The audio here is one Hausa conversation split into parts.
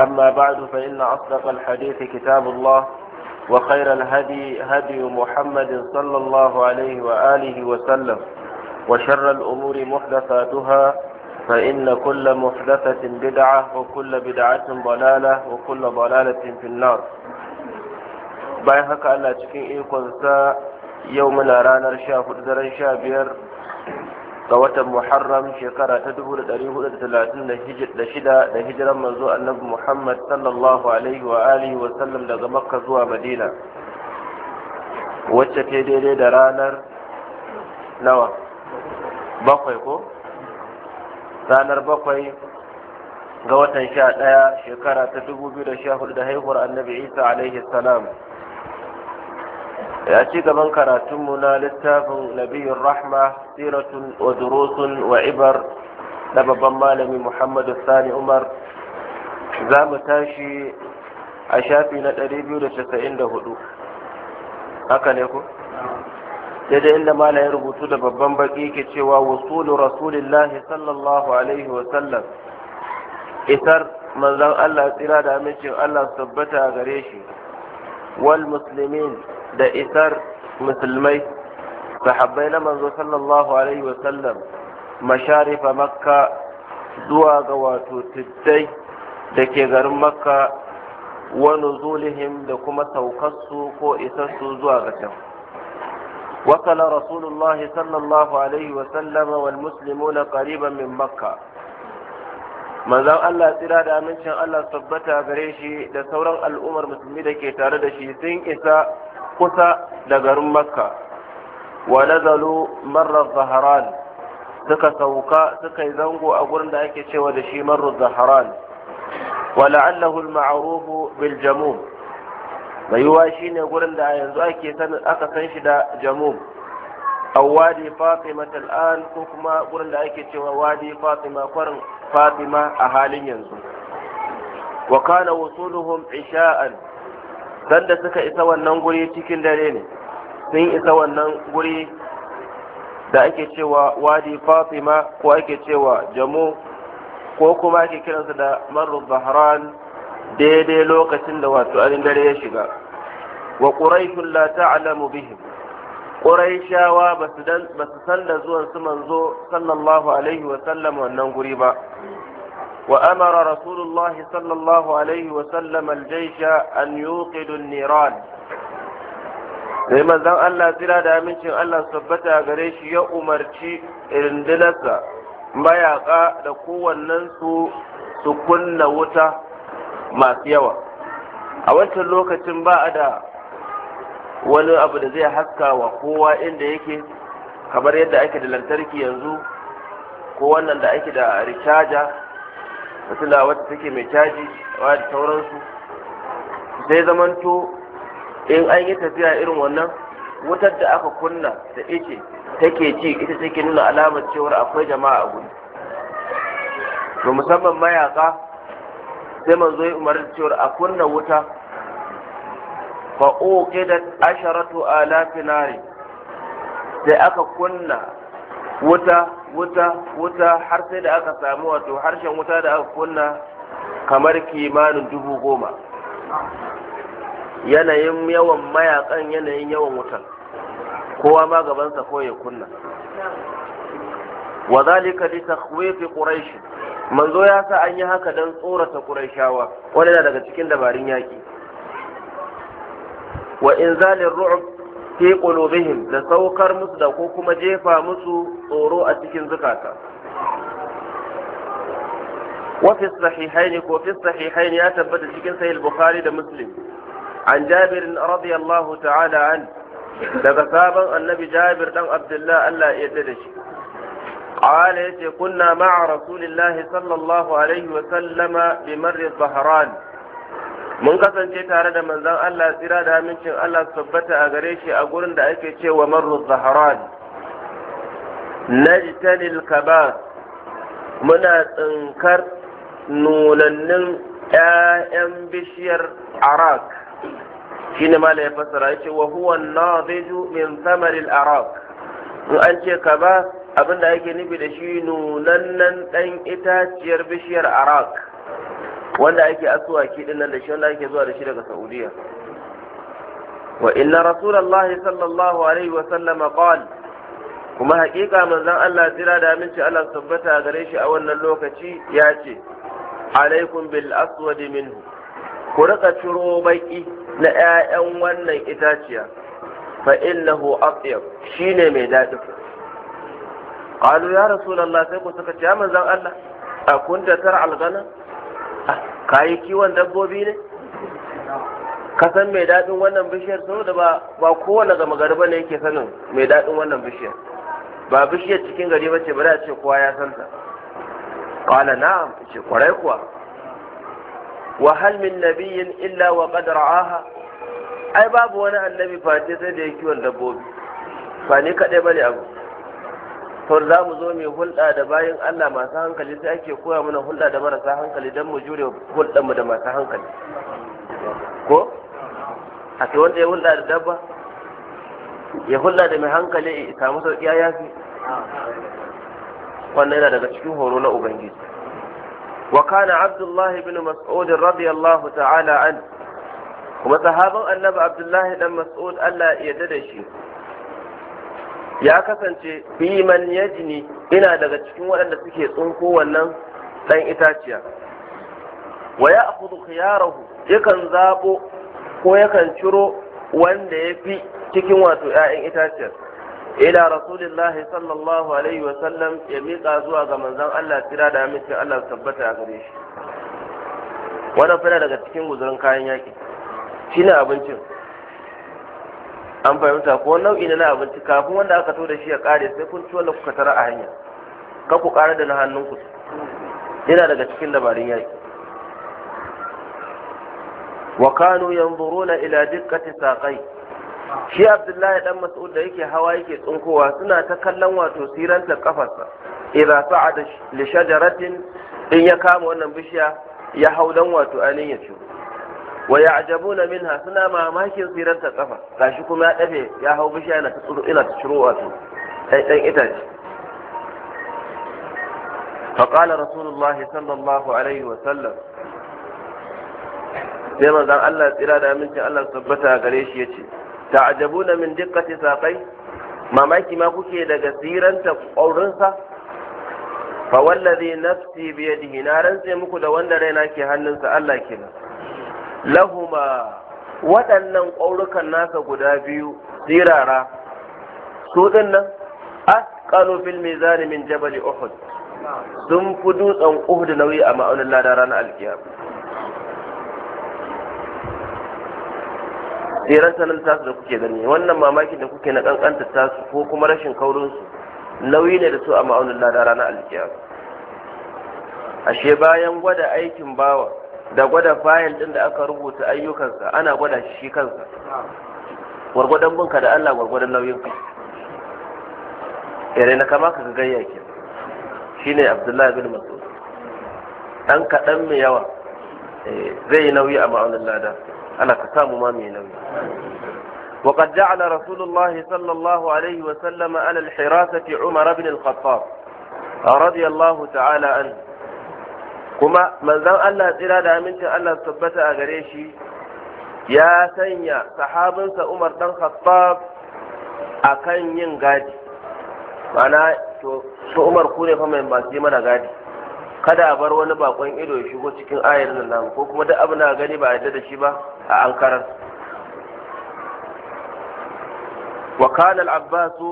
أما بعد فإن أصدق الحديث كتاب الله وخير الهدي هدي محمد صلى الله عليه وآله وسلم وشر الأمور محدثاتها فإن كل محدثة بدعة وكل بدعة ضلالة وكل ضلالة في النار بايهك على تكين إيقونسا يومنا رانا رشاف الدرن شابير ga watan muharram shekara ta dubu da hudu da talatin da shida da hijiran manzo annabi muhammad sallallahu alaihi wa alihi wa sallam daga makka zuwa madina wacce ta daidai da ranar nawa bakwai ko ranar bakwai ga watan sha ɗaya shekara ta dubu biyu da sha hudu da haihuwar annabi isa alaihi salam ya ci gaban karatunmu na littafin nabiyun rahma siratun wa durusun wa ibar na babban malami muhammadu sani umar za mu tashi a shafi na 294 haka ne ku daidai inda mala ya rubutu da babban baki ke cewa wasulu rasulillahi sallallahu alaihi wasallam isar manzan allah tsira da amincin allah su tabbata gare shi wal muslimin da isar musulmai sahabbai na manzo sallallahu alaihi wasallam masharifa makka zuwa ga wato tuddai da ke garin makka wa da kuma saukarsu ko isassu zuwa ga can وصل رسول الله صلى الله عليه وسلم والمسلمون قريبا من مكة manzon Allah tsira da amincin Allah tabbata gare shi da sauran al'ummar musulmi da ke tare da shi sun isa kusa da garin makka wa nazalu marar zaharan suka sauka suka yi zango a gurin da ake cewa da shi marar zaharan wa la'allahu al-ma'rufu bil jamum bayuwa shine gurin da yanzu ake sanin aka san shi da jamum aw wadi fatima al ko kuma gurin da ake cewa wadi fatima kwarin fatima a halin yanzu wa kana wusuluhum isha'an sanda suka isa wannan guri cikin dare ne sun isa wannan guri da ake cewa wadi fatima ko ake cewa jamu ko kuma ake kiransa da marru bahran daidai lokacin da wato anin dare ya shiga wa quraishun la ta'lamu bihim ƙuraishawa ba su san da zuwan su manzo sallallahu alaihi wa sallam wannan guri ba وأمر رسول الله صلى الله عليه وسلم الجيش أن يوقد النيران sai Allah tsira da amincin Allah sabbata tabbata gare shi ya umarci rundunarsa mayaƙa da kowannensu su kunna wuta masu yawa a wancan lokacin ba a da wani abu da zai haska wa kowa inda yake kamar yadda ake da lantarki yanzu ko wannan da ake da ricaja fitila wacce take mai caji wa da sauransu zai zamanto in an yi tafiya irin wannan wutar da aka kunna da ike take ci ita take nuna alamar cewar akwai jama'a a guri to musamman mayaka sai manzo ya umarci cewar a kunna wuta ke da asharatu a lafinare sai aka kunna wuta wuta wuta har sai da aka samu wato harshen wuta da aka kunna kamar kimanin dubu goma yanayin yawan mayakan yanayin yawan wutan kowa ma gabansa ko ya kunna wa zalika li takhwifi quraish manzo ya sa an yi haka dan tsorata quraishawa wanda daga cikin dabarun yaki wa inzalir ru'b fi qulubihim da saukar musu da ko kuma jefa musu tsoro a cikin zukata wa fi sahihain ko fi sahihain ya tabbata cikin sahih bukhari da muslim an jabir radiyallahu ta'ala an daga sabon annabi jabir dan abdullah Allah ya yarda da shi قال يتي كنا مع رسول الله صلى الله عليه وسلم بمر الظهران mun kasance tare da manzon Allah tsira da amincin Allah tabbata a gare shi a gurin da ake cewa marru zaharan najtanil kabar muna tsinkar nunannin ƴaƴan bishiyar arak shine mala ya fassara yace wa huwa nadiju min samaril arak in an ce kabas abinda ake nufi da shi nunannen ɗan itaciyar bishiyar arak wanda ake asuwaki din nan da shi wanda ake zuwa da shi daga saudiya wa inna rasulullahi sallallahu alaihi wa sallama qala kuma haƙiƙa manzon Allah tsira da aminci Allah tabbata gare shi a wannan lokaci ya ce alaikum bil aswad minhu ku rika ciro baki na ƴaƴan wannan itaciya fa innahu atyab shine mai daɗi qalu ya rasulullah sai ku suka ce manzon Allah akunta tar al ka yi kiwon dabbobi ne ka san mai daɗin wannan bishiyar saboda ba ba kowane gama gari bane yake sanin mai daɗin wannan bishiyar ba bishiyar cikin gari ba ce bari a ce kowa ya san ta qala ce kwarai kuwa wa hal min nabiyyin illa wa qad ra'aha ai babu wani annabi face sai da ya kiwon dabbobi ba ne kadai bane abu to za mu zo mai hulɗa da bayan Allah masu hankali sai ake koya mana hulɗa da marasa hankali don mu jure hulɗanmu da masu hankali ko a ce wanda ya hulɗa da dabba ya hulɗa da mai hankali ya samu sauƙi ya yafi wannan yana daga cikin horo na ubangiji wa kana abdullahi bin mas'ud radiyallahu ta'ala an kuma sahaban annabi abdullah dan mas'ud Allah ya yarda da shi ya kasance fi man yajni ina daga cikin waɗanda suke tsinko wannan ɗan itaciya wa ya akhudhu khiyarahu yakan zabo ko yakan ciro wanda ya fi cikin wato 'ya'yan itaciyar ila rasulillahi sallallahu alaihi wa sallam ya miƙa zuwa ga manzon Allah tira da amince Allah tabbata a gare shi wannan fara daga cikin guzurin kayan yaki shine abincin an fahimta ko nau'i na na abinci kafin wanda aka to da shi ya kare sai kun ci wanda kuka tara a hanya ka ku kare da na hannun ku. yana daga cikin dabarun yaki wa kanu yanzuruna ila dikkati saqai shi abdullahi dan mas'ud da yake hawa yake tsunkowa suna ta kallon wato siranta kafarsa idza sa'ada li shajaratin in ya kama wannan bishiya ya hau dan wato anin ya ciwo wa ya'jabuna minha suna mamakin tsirar ta kafa gashi kuma ya dafe ya hau bishiya na ta ina ta ciro wato dan itace فقال رسول الله صلى الله عليه وسلم sai manzon Allah tsira da amincin Allah tabbata gare shi yace ta'jabuna min diqqati saqai mamaki ma kuke daga siranta ƙaurinsa fa wallazi nafsi bi yadihi na rantse muku da wanda raina ke hannunsa Allah kenan lahuma waɗannan ƙwaurukan nasa guda biyu zirara su nan asqalu fil mizan min jabali uhud sun fi dutsen uhud nauyi a ma'aunin lada ranar alkiyama tseren sanar tasu da kuke gani wannan mamakin da kuke na ƙanƙanta tasu ko kuma rashin kaurinsu nauyi ne da su a ma'aunin lada ranar alkiyama ashe bayan gwada aikin bawa da gwada fayil din da aka rubuta ayyukansa ana gwada shi kansa gwargwadon binka da Allah gwargwadon nauyin ka yare na kama ka gayya ke ne Abdullahi bin Mas'ud dan kaɗan mai yawa eh, zai yi nauyi a ma'aunin lada ana ka samu ma mai nauyi وقد جعل رسول الله صلى الله عليه وسلم على الحراسة عمر بن الخطاب رضي الله تعالى عنه kuma manzon Allah tsira da amincin Allah tabbata a gare shi ya sanya sahabinsa Umar dan Khattab akan yin gadi mana to su Umar ku ne fa mai masu yi mana gadi kada a bar wani bakon ido ya shigo cikin ayar nan nan ko kuma duk abin da gani ba a yadda da shi ba a ankarar wa kana al-abbasu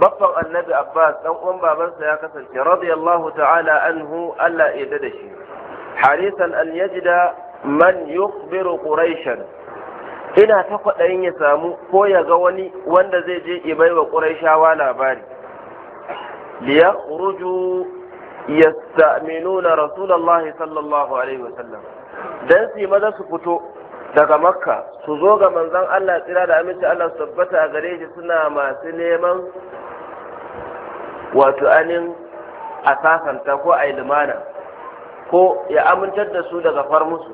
baffan annabi abbas dan uwan babansa ya kasance radiyallahu ta'ala anhu Allah ya da shi harisan an yajida man yukhbiru quraishan ina ta kwaɗayin ya samu ko ya ga wani wanda zai je ya baiwa quraishawa labari liya ruju yastaminuna rasulullahi sallallahu alaihi wasallam dan su maza su fito daga makka su zo ga manzon Allah tsira da aminci Allah su tabbata a gare shi suna masu neman wato anin a sasanta ko a limana ko ya amintar da su daga far musu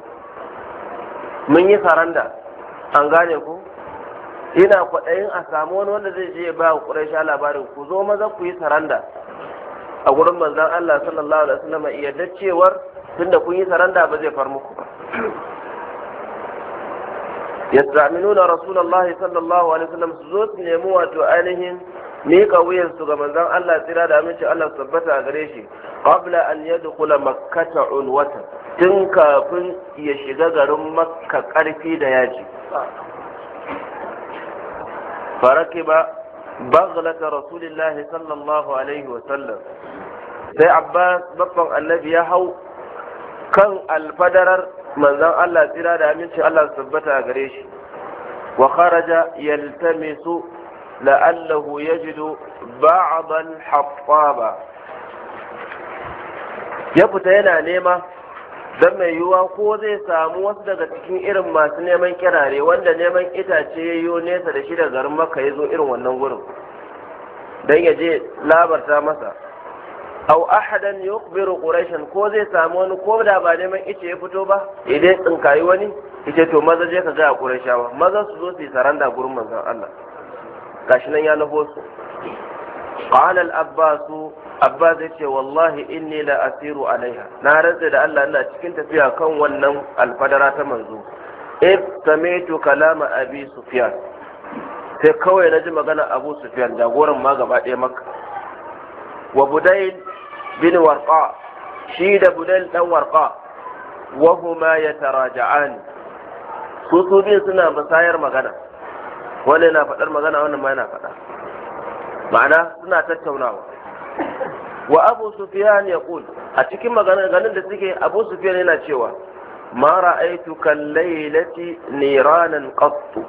mun yi saranda an gane ku ina kwaɗayin a samu wani wanda zai je ba wa ƙuraisha labarin ku zo maza ku yi saranda a gurin manzon Allah sallallahu alaihi wasallam iya cewar tunda kun yi saranda ba zai far muku ba yastaminuna rasulullahi sallallahu alaihi wasallam su zo su nemi wato ainihin miƙa wuyansu ga manzon Allah tsira da aminci Allah su tabbata a gare shi qabla an yadkhula makkata unwatan tun kafin ya shiga garin maka karfi da yaji farakiba baghlata rasulillahi sallallahu alaihi wasallam sai abbas annabi ya hau kan alfadarar manzon Allah tsira da amincin Allah su tabbata gare shi wa kharaja yaltamisu la'allahu yajidu ba'd al-hattaba ya fita yana nema dan mai yiwuwa ko zai samu wasu daga cikin irin masu neman kirare wanda neman itace ya yi nesa da shi da garin maka ya zo irin wannan gurin don ya je labarta masa au ahadan yuqbiru quraishan ko zai samu wani ko da ba neman ice ya fito ba idan tsinkayi wani ice to maza je ka ga quraishawa maza su zo su saranda gurin manzon Allah gashi nan ya nufo su qala al abbas abbas yace wallahi inni la asiru alaiha na rantsa da Allah ina cikin tafiya kan wannan alfadara ta manzo if sami'tu kalama abi sufyan sai kawai na ji magana abu sufyan jagoran ma gaba ɗaya maka wa bin warqa shi da budal dan warqa wa huma yataraja'an su su biyu suna musayar magana wani magana wannan ma yana faɗa ma'ana suna tattaunawa wa abu Sufyan ya kul a cikin maganar ganin da suke abu Sufyan yana cewa ma ra'aitu kallailati niranan qattu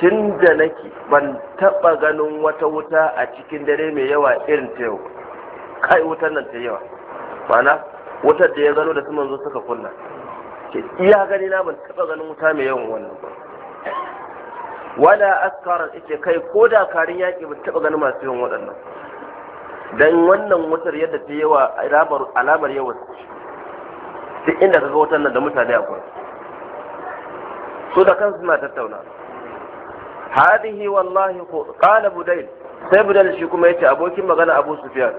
tun da nake ban taɓa ganin wata wuta a cikin dare mai yawa irin ta yau kai wutar nan ta yawa ma'ana wutar da ya gano da su zo suka kunna ke iya gani na ban taba ganin wuta mai yawan wannan ba wala askar ita kai ko da karin yaki ban taɓa ganin masu yawan waɗannan dan wannan wutar yadda ta yawa alamar yawa duk inda ka ga wutar nan da mutane akwai su da kansu suna tattauna hadihi wallahi ko qala budayl sai budayl shi kuma yace abokin magana abu sufyan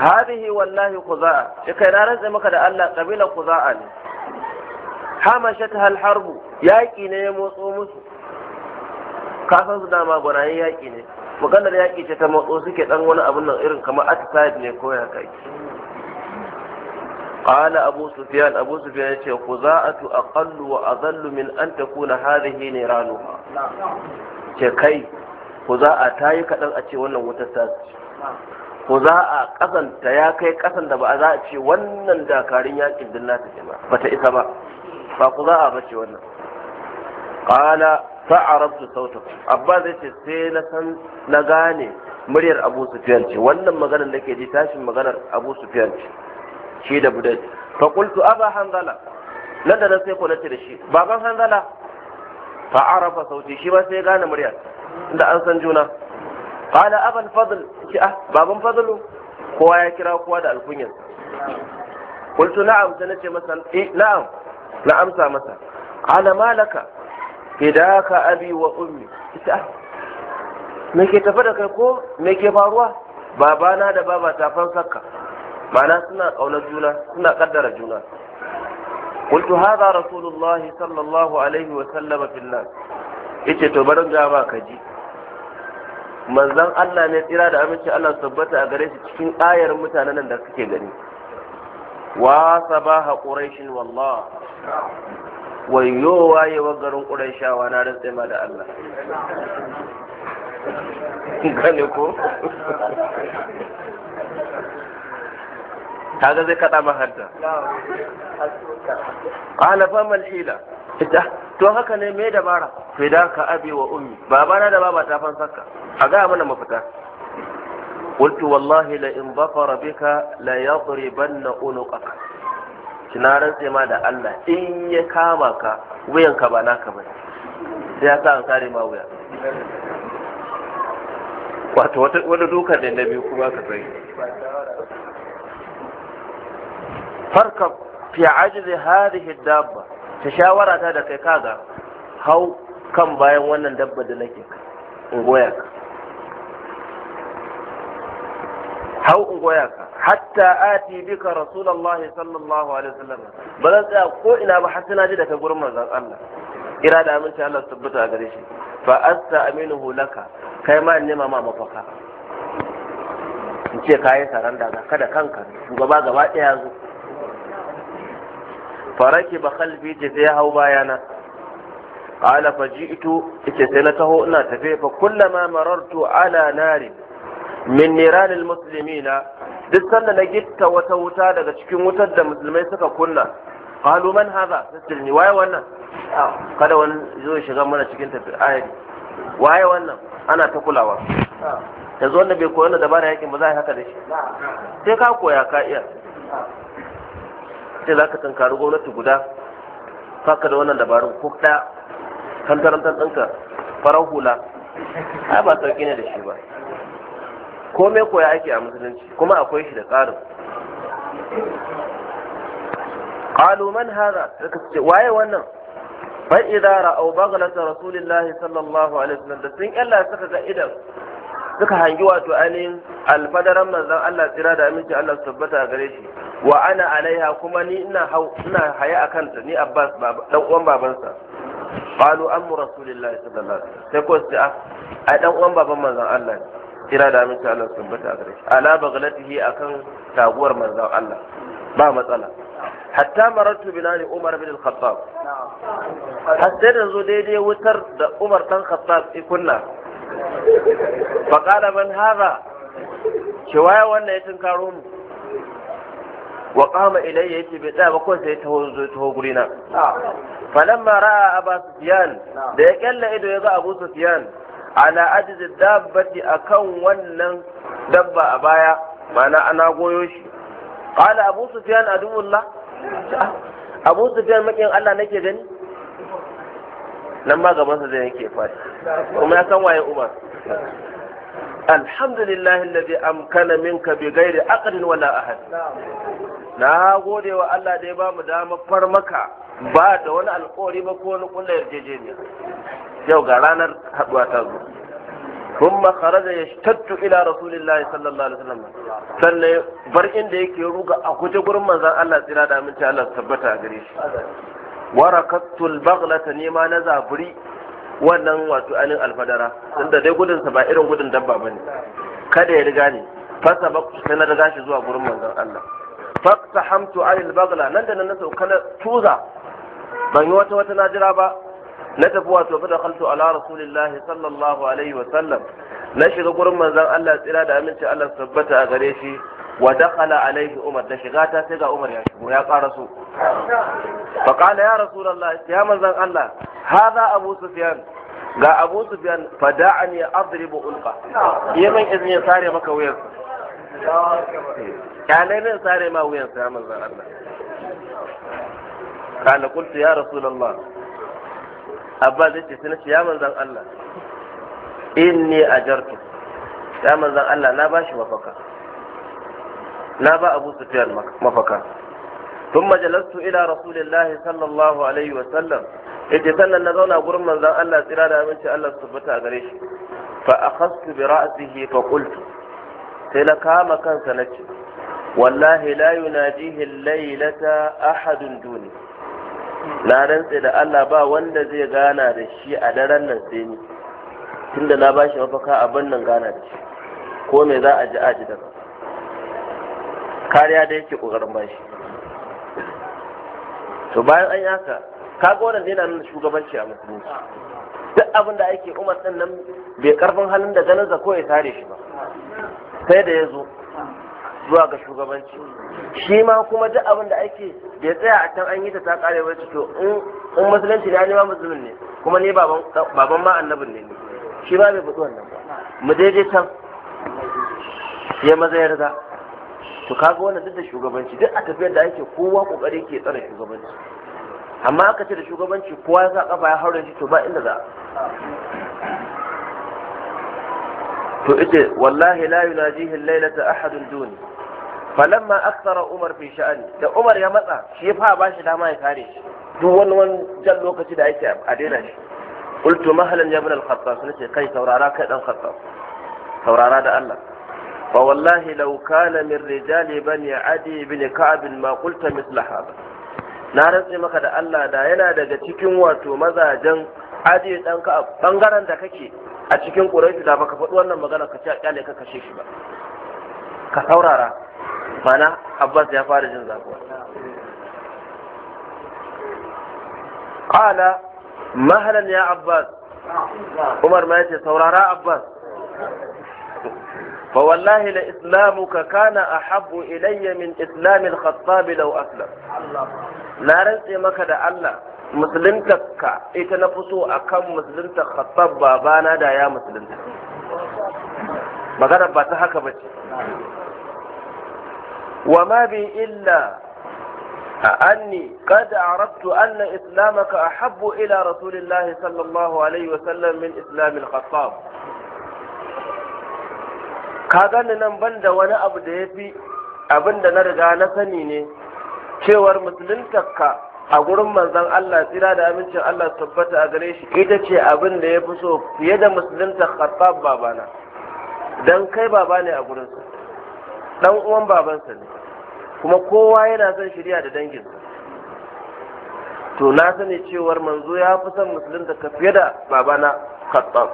هذه والله خزاء كي نارن زمك دا الله قبيلة خزاء حمشتها الحرب ياكي نيمو صومس kafin su dama gwanayen yaƙi ne maganar yaƙi ce ta matso suke ɗan wani abin nan irin kamar atisayid ne ko ya kai ƙala abu sufiyan abu sufiyan ce ku za a tu a wa a zallu min an ta kuna hadhihi ne rano ce kai ku za a ta yi kaɗan a ce wannan wutar ta ce. ko za a kasanta ya kai kasan da ba za a ce wannan dakarun yakin dinna ta ce ba bata isa ba ba ku za a bace wannan qala fa'arabtu sautakum abba zai ce sai na san na gane muryar abu sufyan ce wannan maganar nake ji tashin maganar abu sufyan ce shi da budai fa qultu aba hanzala nan da nan sai ko nace da shi baban hanzala fa arafa sauti shi ba sai gane muryar inda an san juna qala abal fadl ce ah baban fadlu kowa ya kira kowa da alkunyar qultu na'am sai nace masa eh na'am na amsa masa ala malaka fidaka abi wa ummi ita ah, me ke tafi da kai ko me ke faruwa babana da baba ta fansarka Mana suna ƙaunar juna suna ƙaddara juna قلت هذا رسول sallallahu alaihi wa عليه وسلم في الناس yace to barin ga ba ka ji manzan Allah ne tsira da aminci Allah tabbata a gare shi cikin ayar mutanen da suke gani wa sabaha quraishin wallah wayo waye wa garin quraishawa na rantsa ma da Allah gane ko kaga zai kada ma hanta qala fa mal hila to haka ne me dabara ka abi wa ummi babana da baba ta fansaka a ga mana mafita la in لئن bika la yadribanna عنقك kina rantse ma da Allah in ya kama ka wuyanka ba naka ba sai ya sa an kare ma wuya wato wani dukan dokar na biyu kuma ka sai farka fi ajzi hadhihi dabba ta shawara ta da kai kaga hau kan bayan wannan dabba da nake ka in goya ka hau ungoya ka hatta ati bika rasulullahi sallallahu alaihi wasallam ba zan tsaya ko ina ba har sai da kai daga gurin manzon Allah kira da aminci Allah tabbata a gare shi fa asta aminuhu laka kai ma nema ma mafaka in ce kayi saranda kada kanka shugaba gaba ɗaya yanzu. faraki ba khalfi ce sai ya hau bayana qala faji'tu ce sai na taho ina tafe fa kullama marartu ala nari min niran almuslimina duk sanda na gitta wata wuta daga cikin wutar da musulmai suka kunna qalu man hadha tasilni waye wannan ah, kada wani zo shiga mana cikin tafi ayi ah, waye wannan ana ta kulawa ah. yanzu wanda bai koyi da dabara yakin ba za a yi haka da shi sai ka koya ka iya ce za ka tankari gwamnati guda ka da wannan dabarun ko ɗaya kantarantar ɗinka farar hula ai ba sauƙi ne da shi ba Ko komai koya ake a musulunci kuma akwai shi da tsarin قالوا من هذا waye wannan fa idara a aw baghlata rasulillahi sallallahu alaihi wasallam da sun Allah suka ga idan suka hangi wato ainihin alfadaran manzon Allah tsira da aminci Allah su tabbata a gare shi wa ana alaiha kuma ni ina hau ina haya a kanta, ni Abbas dan uwan babansa qalu ammu rasulillahi sallallahu alaihi wasallam sai ko sai ah, a dan uwan baban manzon Allah tsira da aminci Allah su tabbata a gare shi ala baghlatihi akan taguwar manzon Allah ba matsala hatta marartu binani umar bin al-khattab har da zo daidai wutar da umar dan khattab ikunna faƙala man haza shi waya wannan ya tunkaro mu wa kama ilayya yace bai tsaya ba ko sai taho zo taho guri na falamma ra'a aba sufyan da ya ƙyalla ido ya ga abu sufyan ala ajzi dabbati akan wannan dabba a baya mana ana goyo shi qala abu sufyan adullah abu sufyan makin Allah nake gani nan ba gaban sa zai yake fadi kuma ya san waye umar alhamdulillah alladhi amkana minka bi ghairi aqlin wala ahad na gode wa Allah da ya ba mu dama farmaka ba da wani alƙawari ba ko wani kullu yarjejeniya yau ga ranar haduwa ta zo kuma kharaja yashtattu ila rasulillahi sallallahu alaihi wasallam sannan bar inda yake ruga a kuje gurin manzon Allah tsira da aminci Allah tabbata gare shi warakattul baglata ne ma na zaburi wannan wato anin alfadara tunda dai gudunsa ba irin gudun dabba ba ne kada ya riga ne fasa ba sai na riga shi zuwa gurin manzon Allah fakta hamtu alil bagla nan da nan na sauka na tuza ban yi wata wata na jira ba na tafi wato fa dakhaltu ala rasulillahi sallallahu alaihi wa sallam na shiga gurin manzon Allah tsira da aminci Allah tabbata a gare shi wa dakhala alaihi umar da shiga ta sai ga umar ya shigo ya ƙara so fa qala ya rasulullah ya manzon Allah hadha abu sufyan ga abu sufyan fa da'ani adribu ulqa yamin izini ya sare maka wuyar kyale ne sare ma wuyar. sa manzon Allah kana qultu ya rasulullah abba zai ce sai ya manzon Allah inni ajartu ya manzon Allah na bashi mafaka na ba abu sufiyan mafaka tun majalastu ila rasulillahi sallallahu alaihi wa sallam yace sannan na zauna gurin manzan Allah tsira da aminci Allah su tabbata gare shi fa akhastu bi ra'sihi fa qultu sai na kama kansa na ce wallahi la yunajihi laylata ahadun duni na rantse da Allah ba wanda zai gana da shi a daren nan sai ni tunda na bashi mafaka abin nan gana da shi ko me za a ji a ji daga kariya da yake kokarin bashi to bayan an yaka, ka gona wannan zai na nuna shugabanci a musulunci duk abin da ake umar din nan bai karfin halin da ganin zako ya tare shi ba sai da ya zo zuwa ga shugabanci shi ma kuma duk abin da ake bai tsaya a can an yi ta ta wacce to in musulunci ne ni ma musulun ne kuma ne baban ma annabin ne shi ma bai faɗi wannan ba mu daidai can ya maza yarda to kaga wannan duk da shugabanci duk a tafiyar da ake kowa kokari ke tsare shugabanci amma aka ce da shugabanci kowa ya sa kafa ya haura shi to ba inda za to ita wallahi la yunajihi al-lailata ahadun duni falamma akthara umar fi sha'ani da umar ya matsa shi ya fa ba shi dama ya kare shi duk wani wani jan lokaci da ake a daina shi qultu mahalan ya ibn al-khattab sai kai saurara kai dan khattab saurara da Allah فوالله لو كان min رجال بني عدي بن كعب ما قلت مثل هذا na rantse maka da Allah da yana daga cikin wato mazajen ajiye dan ka bangaren da kake a cikin Quraysh da baka faɗi wannan magana ka ce kyale ka kashe shi ba ka saurara mana Abbas ya fara jin zabuwa qala mahalan ya Abbas Umar ma yace saurara Abbas فوالله لإسلامك كان أحب إلي من إسلام الخطاب لو أسلم لا رنسي مكة الله مسلمتك إتنفسو أكم مسلمتك خطاب بابانا دا يا مسلمتك magana ba ta وما بي إلا أني قد عرفت أن إسلامك أحب إلى رسول الله صلى الله عليه وسلم من إسلام الخطاب ka gani nan ban da wani abu da ya fi abin da na riga na sani ne cewar musuluntarka a gurin manzon Allah tsira da amincin Allah tabbata a gare shi ita ce abin da ya fi so fiye da musulunta khattab babana dan kai baba ne a gurin su, dan uwan babansa ne kuma kowa yana son shirya da danginsa to na sani cewar manzo ya fi son musulunta ka fiye da babana khattab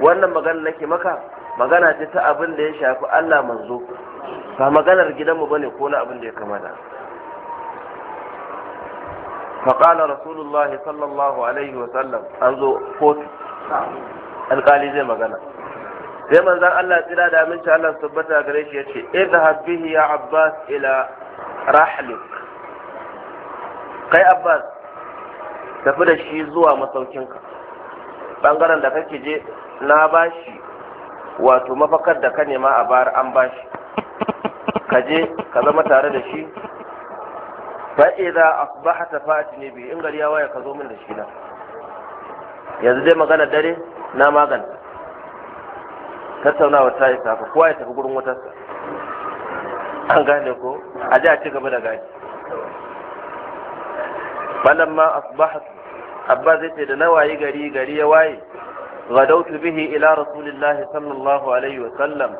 wannan magana nake maka magana ce ta abin da ya shafi Allah manzo ba maganar gidan mu bane ko na abin da ya kamata fa kana rasulullahi sallallahu alaihi wa sallam anzo ko alqali zai magana sai manzan Allah tsira da aminci Allah tabbata gare shi yace idhab bihi ya abbas ila rahlik kai abbas tafi da shi zuwa masaukinka bangaren da kake je na bashi wato mafakar da ka nema a bayar an ba shi. ka je ka zama tare da shi fa idza asbahta fatini bi in gari ya waya ka zo min da shi na yanzu dai magana dare na magana tattaunawa ta yi safa kowa ya tafi gurin wutarsa an gane ko a ji a ci gaba da gani balamma asbahat abba zai ce da na waye gari gari ya waye غدوت به إلى رسول الله صلى الله عليه وسلم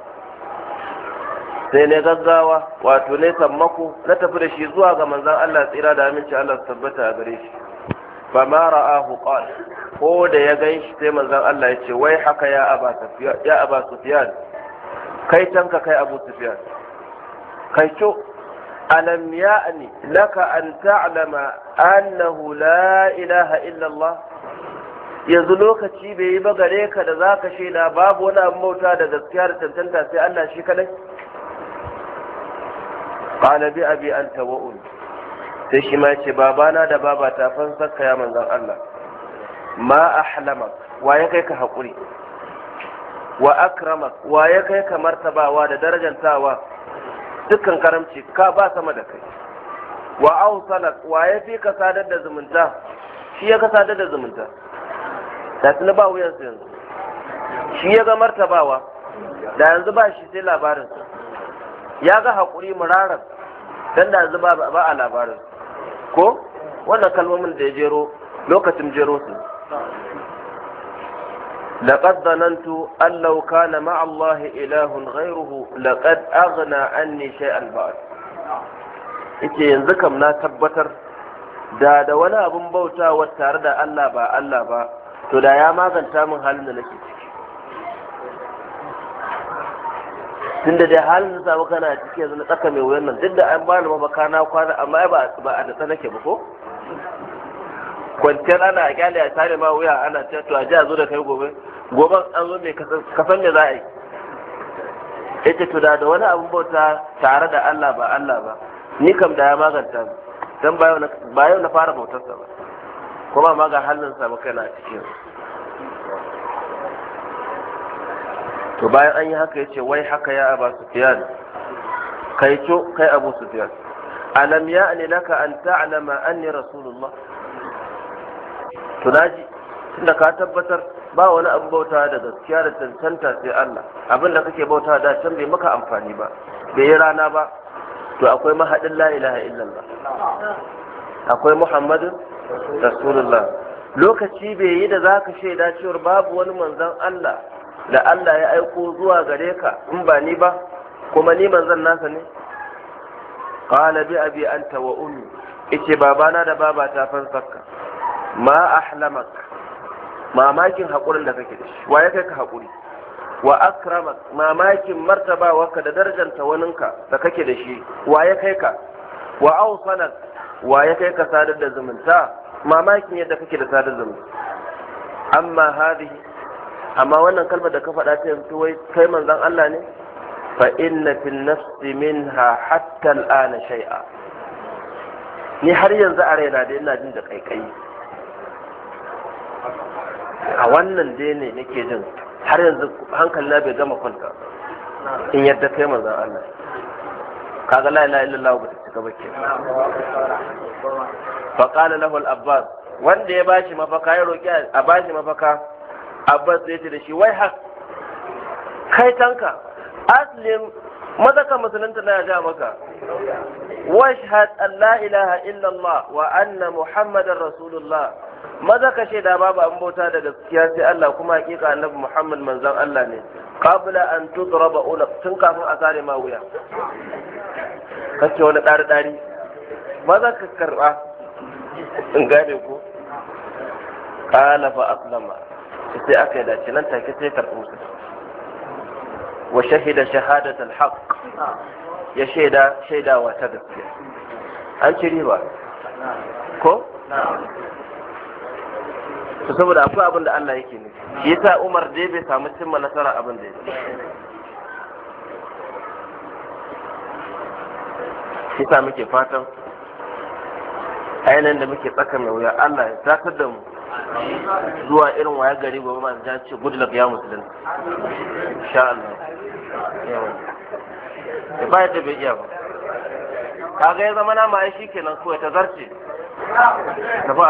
sai gaggawa wato ne mako. na tafi da shi zuwa ga manzan Allah tsira da aminci Allah su tabbata a gare shi fa ma ra'ahu qal ko da ya gan shi sai manzan Allah ya ce wai haka ya aba sufyan ya aba sufyan kai tanka kai abu sufyan kai co alam ya'ni laka an ta'lama annahu la ilaha illa Allah yanzu lokaci bai yi bagare ka da za ka shaida babu wani abin bauta da gaskiya da tantanta sai Allah shi kadai qala bi abi an wa um. sai shi ma ce babana da baba ta fan sakka ya manzan Allah ma a wa waye kai ka haƙuri? wa wa waye kai ka martabawa da darajantawa dukkan karamci ka ba sama da kai wa ausalak waye fi ka sadar da zumunta shi ya ka sadar da zumunta da tuni ba wuyansu yanzu shi ya ga martabawa da yanzu ba shi sai labarin ya ga haƙuri murarar dan da yanzu ba a labarin ko wannan kalmomin da ya jero lokacin jero su لقد ظننت أن لو كان مع الله إله غيره لقد أغنى عني شيئا بعد yanzu kam na tabbatar da da wani abin bautawa tare da Allah ba Allah ba to da ya maganta min halin da nake ciki tun da dai halin da samu kana ciki yanzu na tsaka mai wuyan nan duk da an bani mafaka na kwana amma ba a natsa nake ba ko kwanciyar ana a kyale a tare ma wuya ana ce to a ji a zo da kai gobe gobe an zo mai kasan me za a yi ita to da da wani abun bauta tare da Allah ba Allah ba ni kam da ya maganta ba dan ba yau na fara sa ba kuma ma ga hannunsa ba kana cikin to bayan an yi haka ya ce wai haka ya aba sufiyan kai co kai abu sufiyan alam ya ne laka an ta'lama anni rasulullah to naji tunda ka tabbatar ba wani abu bauta da gaskiya da tantanta sai Allah abin da kake bauta da can bai maka amfani ba bai yi rana ba to akwai mahadin la ilaha illallah akwai muhammadin rasulullah lokaci bai yi da zaka shaida cewar babu wani manzan Allah da Allah ya aiko zuwa gare ka in ba ni ba kuma ni manzan nasa ne qala bi abi anta wa ummi ice babana da baba ta fansarka ma ahlamak mamakin haƙurin da kake da shi wa ya kai ka haƙuri wa akramak mamakin martabawarka da darajanta waninka da kake da shi wa ya kai ka wa ausanak wa ya kai ka sadar da zumunta mamakin yadda kake da sadar zumunta amma hadi amma wannan kalmar da ka faɗa ta yanzu wai kai manzon Allah ne fa inna fil nafsi minha hatta al'ana shay'a ni har yanzu a raina da ina jin da kaikayi a wannan dai ne nake jin har yanzu hankali na bai gama kwanta in yadda kai manzon Allah kaga la ilaha illallah ba ta cika ba ke fa qala lahu al abbas wanda ya bashi mafaka ya roki a bashi mafaka abbas zai ce da shi wai hak kai tanka aslim maza ka musulunta na ja maka washhad an la ilaha illallah wa anna muhammadar rasulullah maza ka shaida babu an bauta da gaskiya sai Allah kuma hakika annabi Muhammad manzon Allah ne qabla an tudraba ulab tun kafin a sare ma wuya kace wani dari dari maza ka karba in gane ko qala fa aslama sai aka yi dace nan take sai karbi musu wa shahida shahadat alhaq ya shaida shaidawa ta gaskiya an ci riba ko to saboda akwai abin da Allah yake ne shi yasa Umar dai bai samu cimma nasara abin da yake shi yasa muke fatan ainihin da muke tsaka mai wuya Allah ya takar da mu zuwa irin waya gari gobe ma ta ce good luck ya musulun insha Allah ya bayar da bai iya ba kaga ya zama na ma shi kenan kawai ta zarce ta ba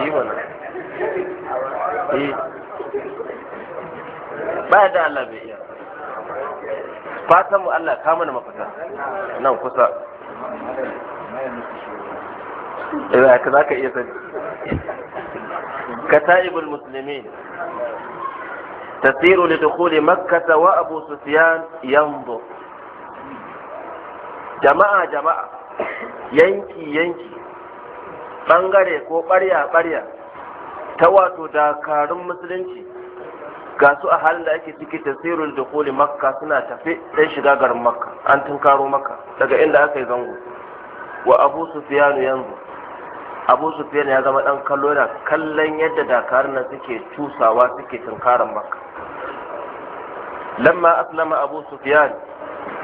yi wannan Eh. ba ya da Allah bai iya fatan mu Allah ka mana mafita nan kusa idan eh, ka za ka iya sani كتائب المسلمين تسير لدخول مكة وأبو سفيان ينظر جماعة جماعة yanki yanki ɓangare ko ɓarya ɓarya ta wato dakarun musulunci ga su a halin da ake ciki tasirin da koli makka suna tafe ɗan shiga garin makka an tunkaro makka daga inda aka yi zango wa abu sufiyanu yanzu abu sufiyan ya zama ɗan kallo da kallon yadda dakarun nan suke cusawa suke tunkaran makka lamma aslama abu sufiyan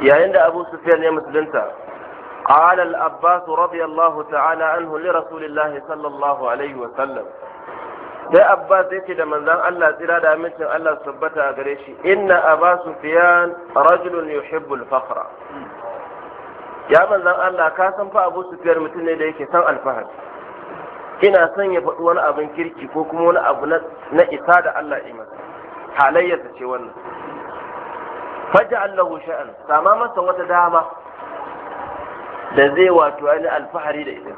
yayin da abu sufiyan ya musulunta قال الأباس رضي الله تعالى عنه لرسول الله صلى الله عليه وسلم sai abbas yake da manzan allah tsira da amincin allah su tabbata a gare shi inna aba sufyan rajulun yuhibbul fakhra ya manzan allah ka san fa abu sufyan mutum ne da yake san alfahari ina son ya faɗi wani abin kirki ko kuma wani abu na isa da allah ya masa halayyarsa ce wannan faja Allah sha'an sama masa wata dama da zai wato ainihin alfahari da ita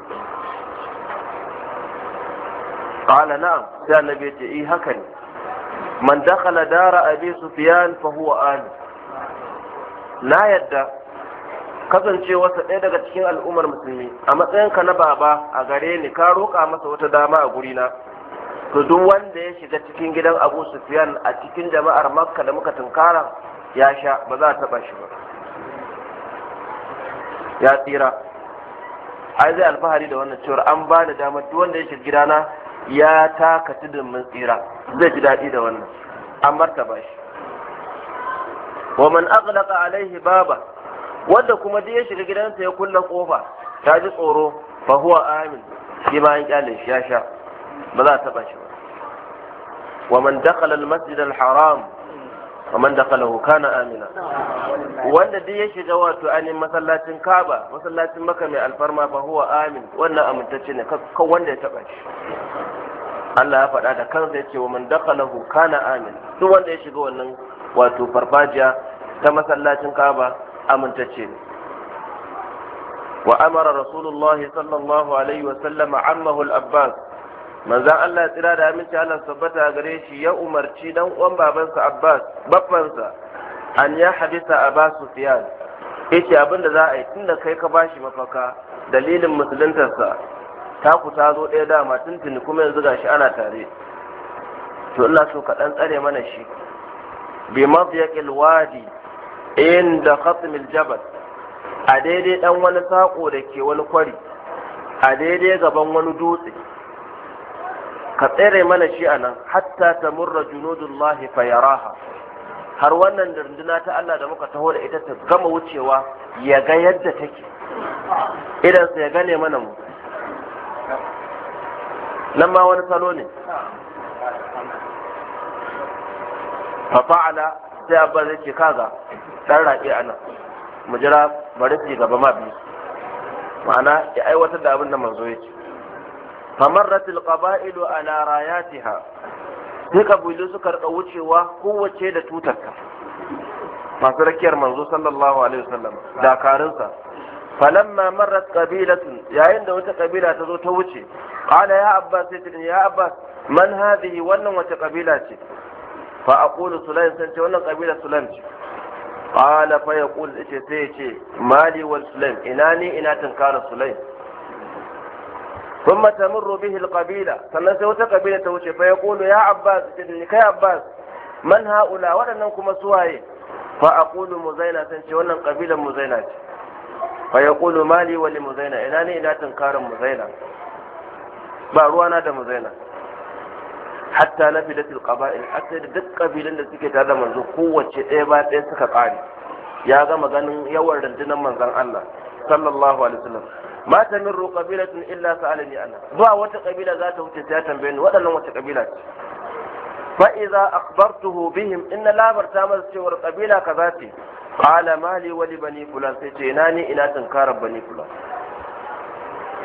قال نعم sai annabi ya اي eh haka ne دار ابي dara فهو ان لا يدا ali na yadda kasancewarsa ɗaya daga cikin al'ummar musulmi a matsayinka na baba a gare ni ka roƙa masa wata dama a gurina to duk wanda ya shiga cikin gidan abu sufyan a cikin jama'ar makka da muka tunkara ya sha ba za a taɓa shi ba ya tsira ai zai alfahari da wannan cewar an ba da damar duk wanda ya shiga gidana ya taka tudun mun tsira zai ji daɗi da wannan an ba shi wa man aghlaqa alaihi baba wanda kuma duk ya shiga gidansa ya kulla kofa ta ji tsoro fa huwa amin shi ma an kyale shi ya sha ba za ta taba shi ba wa man dakhala al-masjid haram kamar da kalahu amina wanda duk ya shiga wato ainihin masallacin kaba masallacin maka mai alfarma fa huwa amin wannan amintacce ne wanda ya taba shi Allah ya faɗa da kansa ya ce wa man dakalahu kana amin wanda ya shiga wannan wato farfajiya ta masallacin kaba amintacce ne wa amara rasulullahi alaihi wa abbas manzan Allah ya tsira da aminci Allah sabbata gare shi ya umarci dan uwan babansa Abbas babbansa an ya hadisa Abbas Sufyan yace abin da za a yi tunda kai ka bashi mafaka dalilin musuluntarsa ta ku ta zo ɗaya dama tuntuni kuma yanzu gashi ana tare to ina so ka dan tsare mana shi bi mafiyakil wadi inda khatmil jabal a daidai dan wani sako da ke wani kwari a daidai gaban wani dutse ka tsere mana shi a nan hatta ta murra junudullahi fa har wannan runduna ta Allah da muka taho da ita ta gama wucewa ya ga yadda take idan su ya gane mana mu nan ma wani salo ne fa fa'ala sai abba zai ce kaga dan raƙe a nan mu jira bari su gaba ma biyu ma'ana ya aiwatar da abin da manzo yake famarrat alqaba'ilu ala rayatiha sai kabilu suka rika wucewa kowace da tutarta masu rakiyar manzo sallallahu alaihi wasallam dakarunsa falamma marrat qabilatun yayin da wata kabila ta zo ta wuce qala ya abbas sai ya abbas man hadhihi wannan wace kabila ce fa aqulu sulaim san ce wannan kabila sulaim ce qala fa yaqul ce sai ce mali wal sulaim ina ni ina tinkara sulaim ثم تمر به القبيلة sannan sai wata kabila ta wuce fa ya kulu ya abbas ni kai abbas man haula waɗannan kuma suwaye fa aqulu muzaina san ce wannan kabilan muzaina ce fa kulu mali wa li ina ne ina tunkarin muzaina ba ruwana da muzaina hatta nafidat alqaba'il hatta da duk kabilan da suke tare da manzo kowace ɗaya ba ɗaya suka kare. ya gama ganin yawan rundunar manzon Allah sallallahu alaihi wasallam ma ta min qabilatun illa sa'alani ana ba wata kabila za ta wuce ta tambaye ni waɗannan wata ƙabila ce fa idza akhbartuhu bihim in na labarta masa cewar kabila kaza ce qala mali li bani fulan sai ce ina ne ina tunkarar bani fulan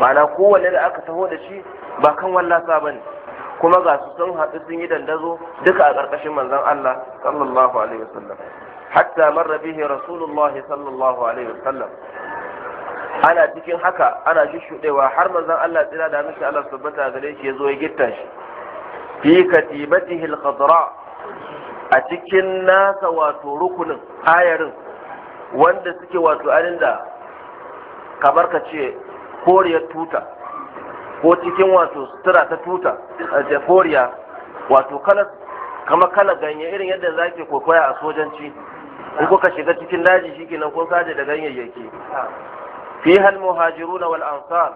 ma'ana kowanne da aka taho da shi ba kan wallasa bane kuma ga su sun haɗu sun yi dandazo duka a ƙarƙashin manzon Allah sallallahu alaihi wasallam hatta marra bihi rasulullahi sallallahu alaihi wasallam ana cikin haka ana shushuɗewa har manzon Allah tsira da mishi Allah tabbata gare shi yazo ya gitta shi fi katibatihi al-khadra a cikin nasa wato rukunin ayarin wanda suke wato anin da kamar ka ce koriyar tuta ko cikin wato sutura ta tuta a koriya wato kama kala ganye irin yadda za ke kokoya a sojanci in kuka shiga cikin daji shi kenan kun saje da ganyayyaki fiha almuhajiruna wal ansar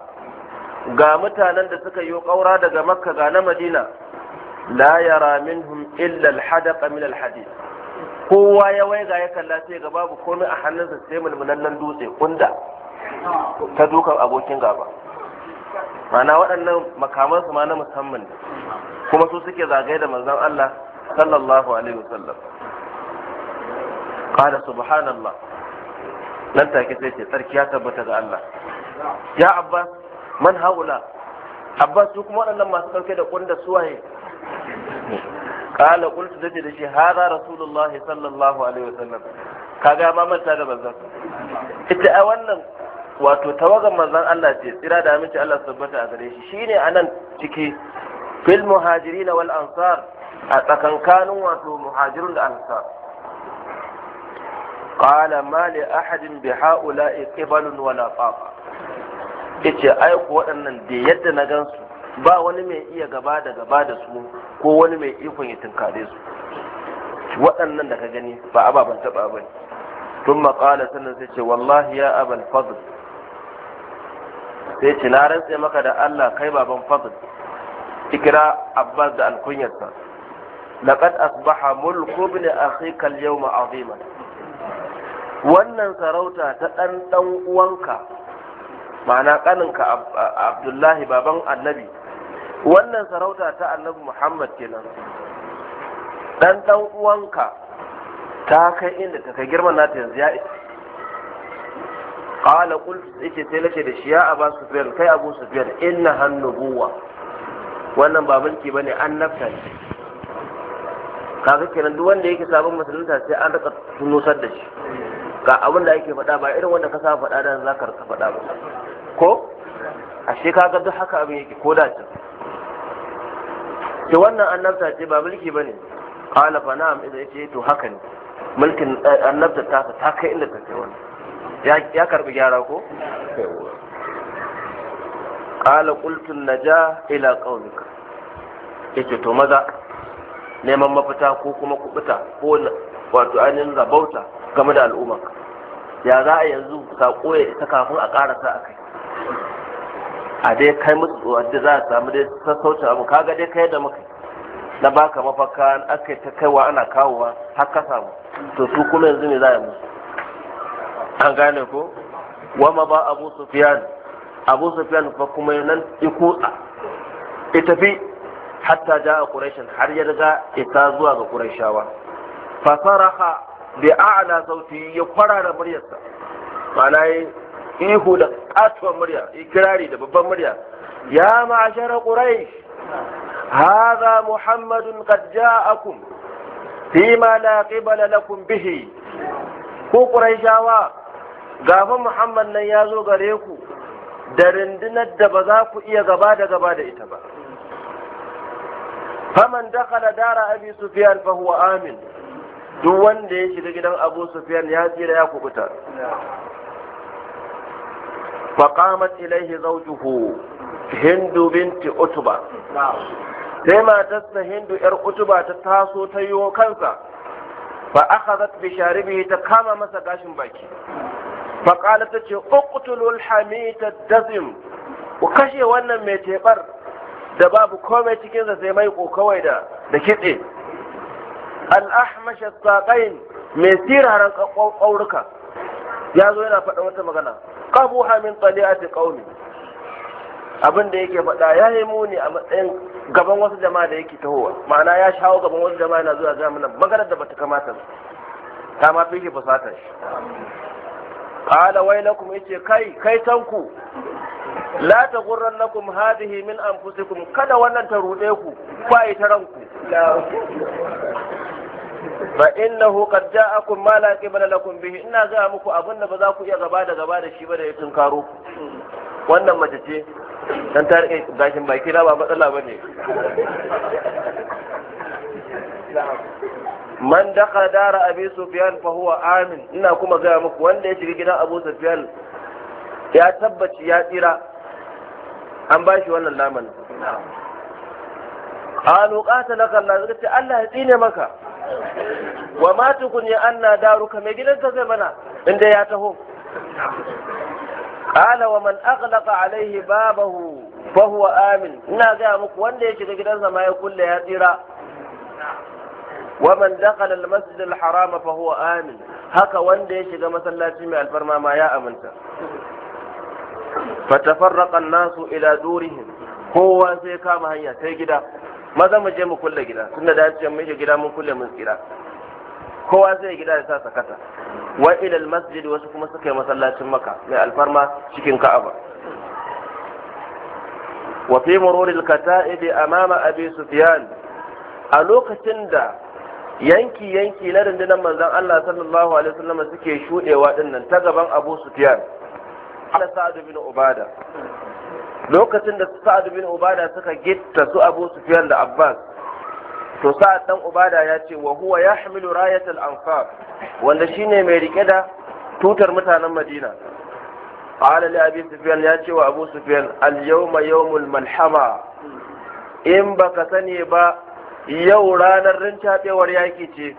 ga mutanen da suka yi ƙaura daga makka ga na madina la yara minhum illa alhadaqa min al-hadith kowa ya waiga ya kalla sai ga babu komai a hannunsa sai mulmulannan dutse kunda ta dukan abokin gaba ma'ana waɗannan makaman su ma na musamman kuma su suke zagaye da manzon Allah sallallahu alaihi wasallam qala subhanallah nan take sai ce tsarki ya tabbata ga Allah ya abbas man haula abbas su kuma waɗannan masu kanke da ƙunda suwaye kala qultu dace da shi hada rasulullahi sallallahu alaihi wasallam kaga ma manta da manzon ita a wannan wato tawagan manzon Allah ce tsira da aminci Allah tabbata a gare shi shine anan ciki fil muhajirin wal ansar a tsakankanin wato muhajirun da ansar qala ma li ahadin bi haula'i qibalun wala faqa yace ai ku waɗannan da yadda na gan su, ba wani mai iya gaba da gaba da su ko wani mai ikon ya tunkare su waɗannan da ka gani ba ababen taɓa ba ne tun maƙala sannan sai ce wallahi ya abal fadl sai ce na rantse maka da Allah kai baban fadl ikira abbas da alkunyarsa laqad asbaha mulku ibn akhika al-yawma azima wannan sarauta ta ɗan ɗan uwanka ma'ana ƙaninka abdullahi baban annabi wannan sarauta ta annabi muhammad kenan ɗan ɗan uwanka ta kai inda ta kai girman nata yanzu ya isa qala qul yace sai nace da shi ya aba sufyan kai abu sufyan inna hannubuwa wannan ba mulki bane annabta ne kaga kenan duk wanda yake sabon musulunta sai an rika tunusar da shi ga abin da ake faɗa ba irin wanda ka sa faɗa da za ka faɗa ba ko a ka ga duk haka abin yake ko da ce ce wannan annabta ce ba mulki bane qala fa na'am idan yace to haka ne mulkin eh, annabta ta ta kai inda ta kai wannan ya ya karbi gyara ko qala qultu naja ila qaumika yace to maza neman mafita ko kuma kubuta ko wato ainihin rabauta game da al'umma ya za a yanzu saƙo ya isa kafin a ƙarasa a kai a dai kai musu wadda za a samu dai sassaucin abu kaga dai kai da muka na baka mafaka an aka ta kaiwa ana kawowa har ka samu to su kuma yanzu ne za a musu an gane ko wama ba abu sufiyan abu sufiyan fa kuma nan ikuta ita fi hatta ja a ƙurashin har ya riga ita zuwa ga ƙurashawa fasaraha da ala sauti ya da muryarsa ma'ana yi ihu da katuwar murya ya da babban murya ya ma'ashara quraish hadha muhammadun qad ja'akum ma la qibala lakum bihi Ku quraishawa gafa muhammad nan ya zo gare ku da rindinar da ba za ku iya gaba da gaba da ita ba faman dakala dara abi sufyan fa huwa amin duk wanda ya shiga gidan abu sufiyan ya tsira ya kubuta faƙamat ilaihi zaujuhu hindu binti utuba sai matarsa hindu yar utuba ta taso ta yiwo kansa fa akhadhat bi sharibihi ta kama masa gashin baki fa qalat ta ce uqtulul hamita dazim ku kashe wannan mai teɓar. da babu komai cikin sa sai mai ko kawai da da kitse al-ahmash mai siraran kaurika ya zo yana faɗa wata magana qabuha min tali'ati ƙauni. abin da yake faɗa ya yi muni a matsayin gaban wasu jama'a da yake tahowa ma'ana ya shawo gaban wasu jama'a yana zuwa zamana maganar da bata kamata ba ta ma fi shi fasatar shi qala kuma yace kai kai tanku la taghurrannakum an min anfusikum kada wannan ta rude ku ba ita ranku fa innahu qad ja'akum ma la qibla lakum bihi ina ga muku abin da ba za ku iya gaba da gaba da shi ba da ya tunkaro wannan mace ce dan tarihi gashin baki na ba matsala bane man daqa dara abi sufyan fa huwa amin ina kuma ga muku wanda ya shiga gidan abu sufyan ya tabbaci ya tsira an ba shi wannan laman qalu qatalaka Allah zai ce Allah ya tsine maka wa ma tukuni anna daruka mai ta zai mana inda ya taho Ala wa man aghlaqa alaihi babahu fa huwa amin ina gaya muku wanda ya shiga gidan sa ya kulle ya tsira wa man dakhala al masjid al harama fa huwa amin haka wanda ya shiga masallaci mai alfarma ma ya aminta tafarraqa an-nasu ila durihim kowa sai kama hanya sai gida maza mu je mu kulle gida tunda da ce mu gida mun kulle mun tsira kowa zai gida ya sa sakata wa al masjid wasu kuma suka yi masallacin maka mai alfarma cikin ka'aba wa fi al kata'ibi amama abi sufyan a lokacin da yanki yanki na rundunar manzon Allah sallallahu alaihi wasallam suke shudewa dinnan ta gaban Abu Sufyan ala Sa'd bin Ubada lokacin da sa'ad bin ubada suka gitta su abu sufyan da abbas to sa'ad dan ubada ya ce wa huwa yahmilu al anfar wanda shine mai rike da tutar mutanen madina qala li abi sufyan ya ce wa abu sufyan al yawma yawmul malhama in baka sani ba yau ranar rincabewar yaki ce